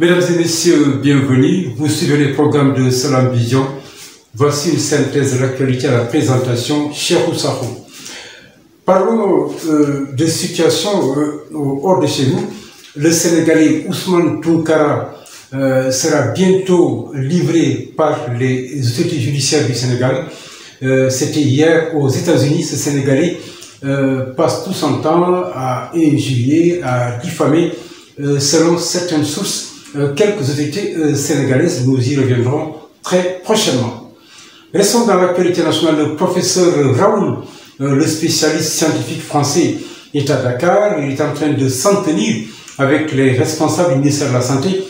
Mesdames et messieurs, bienvenue. Vous suivez les programmes de Salam Vision. Voici une synthèse de l'actualité à la présentation, cher Oussarou. Parlons euh, des situations euh, hors de chez nous. Le Sénégalais Ousmane Tounkara euh, sera bientôt livré par les autorités judiciaires du Sénégal. Euh, c'était hier aux États-Unis, ce Sénégalais euh, passe tout son temps à injurier, à diffamer, selon certaines sources, Euh, quelques autorités euh, sénégalaises. Nous y reviendrons très prochainement. Restons dans l'actualité nationale. Le professeur Raoul, euh, le spécialiste scientifique français, est à Dakar. Il est en train de s'en tenir avec les responsables du ministère de la Santé,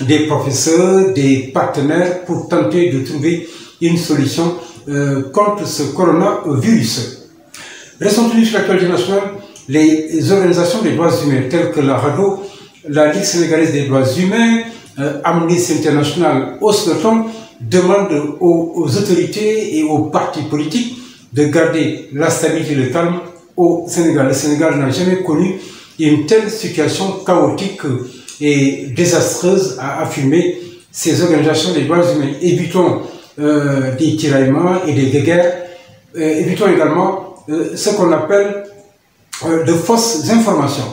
des professeurs, des partenaires pour tenter de trouver une solution euh, contre ce coronavirus. Restons toujours sur l'actualité nationale, les organisations des droits humains telles que la RADO la Ligue sénégalaise des droits humains, euh, Amnesty International, hausse le ton, demande aux, aux, autorités et aux partis politiques de garder la stabilité et au Sénégal. Le Sénégal n'a jamais connu une telle situation chaotique et désastreuse à affirmer ces organisations des droits humains. Évitons euh, des tiraillements et des guerres. Euh, évitons également euh, ce qu'on appelle euh, de fausses informations.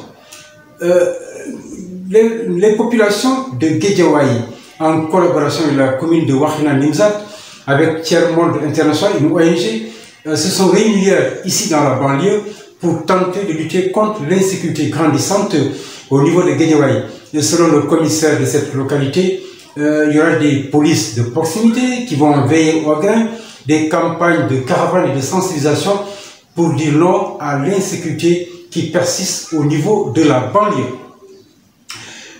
les, les populations de Guédiawaye en collaboration avec la commune de Wakhinane Nimzat avec Tiers Monde International une ONG euh, se sont réunies ici dans la banlieue pour tenter de lutter contre l'insécurité grandissante au niveau de Guédiawaye. Et selon le commissaire de cette localité, euh, il y aura des polices de proximité qui vont veiller au grain, des campagnes de caravane et de sensibilisation pour dire non à l'insécurité qui persiste au niveau de la banlieue.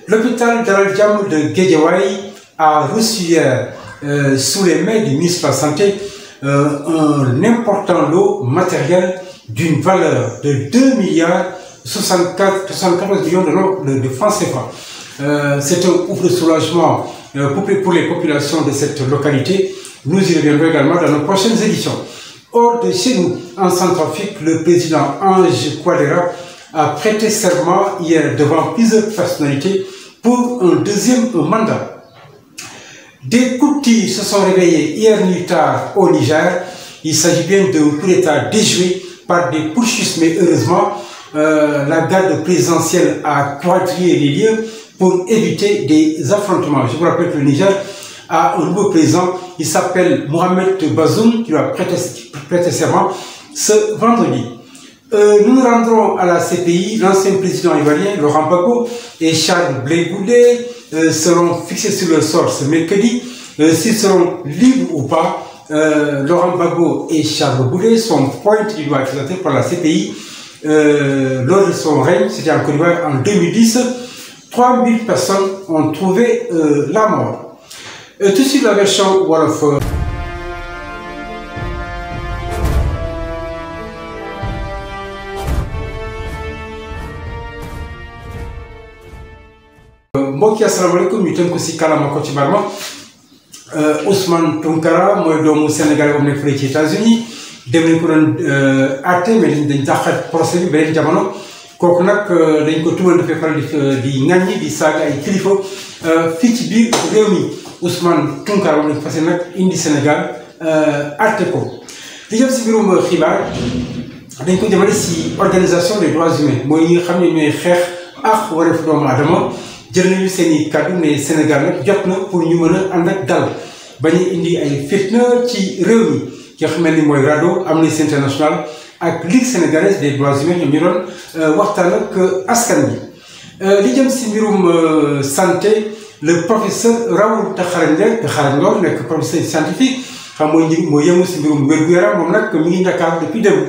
L'hôpital Djam de Guédiawaye a reçu euh, euh, sous les mains du ministre de la euh, important lot matériel d'une valeur de de, de, de francs CFA. Euh, C'est un ouf de soulagement euh, pour, de cette localité. Nous y reviendrons également dans nos prochaines éditions. le président Ange Quadera a prêté serment hier pour un deuxième mandat. Des Koutis se sont réveillés hier nuit tard au Niger. Il s'agit bien d'un coup d'État déjoué par des putschistes, mais heureusement, euh, la garde présidentielle a quadrillé les lieux pour éviter des affrontements. Je vous rappelle que le Niger a un nouveau président, il s'appelle Mohamed Bazoum, qui va prêter, prêter serment ce vendredi. Euh, nous nous rendrons à la CPI, l'ancien président ivoirien Laurent Gbagbo et Charles Blé Goudé euh, seront fixés sur leur sort ce s'ils seront libres ou pas, euh, Laurent Gbagbo et Charles Blé sont point du doigt par la CPI euh, lors de son règne, c'était en Côte en 2010. 3000 personnes ont trouvé la mort. tout de la version mbokk yi asalaamaaleykum ñu tënk ko si kàllaama ko ci barma euh, Ousmane Tounkara mooy doomu Sénégal am nekk fële ci États-Unis dem nañ ko doon euh, àtte mais dañ dañ taxat procès bi beneen jamono kooku nag euh, dañ ko tumal dafay faral di di ŋàññi di saaga ay kilifa fii ci biir réew mi Ousmane Tounkara moom lañ fas nag indi Sénégal àtte ko li jëm si mbirum xibaar dañ ko jëmale si organisation des droits humains mooy xam ne ñooy xeex ak wareefu doomu aadama jël nañu seen i kàddu ne Sénégal nag jot na pour ñu mën a ànd ak dal bañ a indi ay fitna ci réew mi ki nga xamante ni mooy RADDHO Amnesty International ak Ligue sénégalaise des droits humains ñoom ñu doon euh, waxtaan ak euh, askan bi euh, li jëm si mbirum santé le professeur Raoul Taxarañ Taxarañ Ngor nekk professeur scientifique xam mooy nji mooy yëngu si mbirum wér-gu-yaram moom nag mi ngi Dakar depuis démb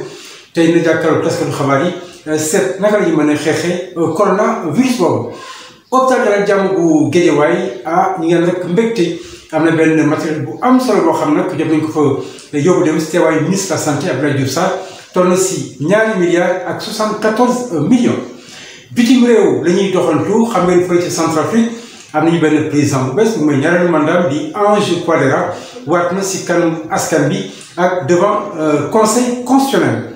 tey na jàkkaarloo taskatu xabaar yi seet naka la ñu mën a xeexee coronavirus boobu. hôpital Dalal Jàmm bu Guédiawaye ah ñu ngi rek mbégte am na benn matériel bu am solo boo xam nag jot nañ ko fa yóbbu dem si teewaayu ministre de la santé Abdoulaye Diouf Sarr toll na si ñaari milliards ak 74 millions. bitim réew la ñuy doxantu xam ngeen fële ci Centrafrique am nañu benn président bu bees bu may ñaareelu mandat di Ange Touadéra waat na si kanam askan bi ak devant euh, conseil constitutionnel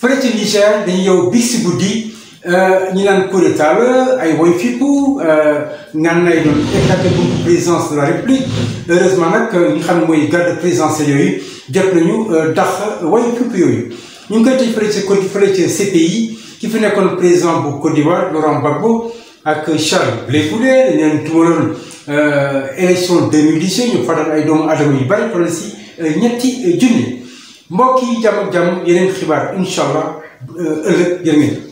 fële Niger dañuy yow big si guddi. Euh, ñi naan coup d'état la ay woy fippu euh, naan nay doon écarté bu de la république heureusement nag euh, ñi xam ne mooy garde présidentielle yooyu jot nañu tax woy fippu yooyu ñu ngi koy tëj fële ca fële ca ki fi nekkoon président bu Côte d'Ivoire Laurent Gbagbo ak Charles Blé Goudé dañ leen tumaloon élection 2010 ñu faral ay doomu adama yu bari toll si ñetti junni mbokk yi jàmm ak jàmm yeneen xibaar incha allah ëllëg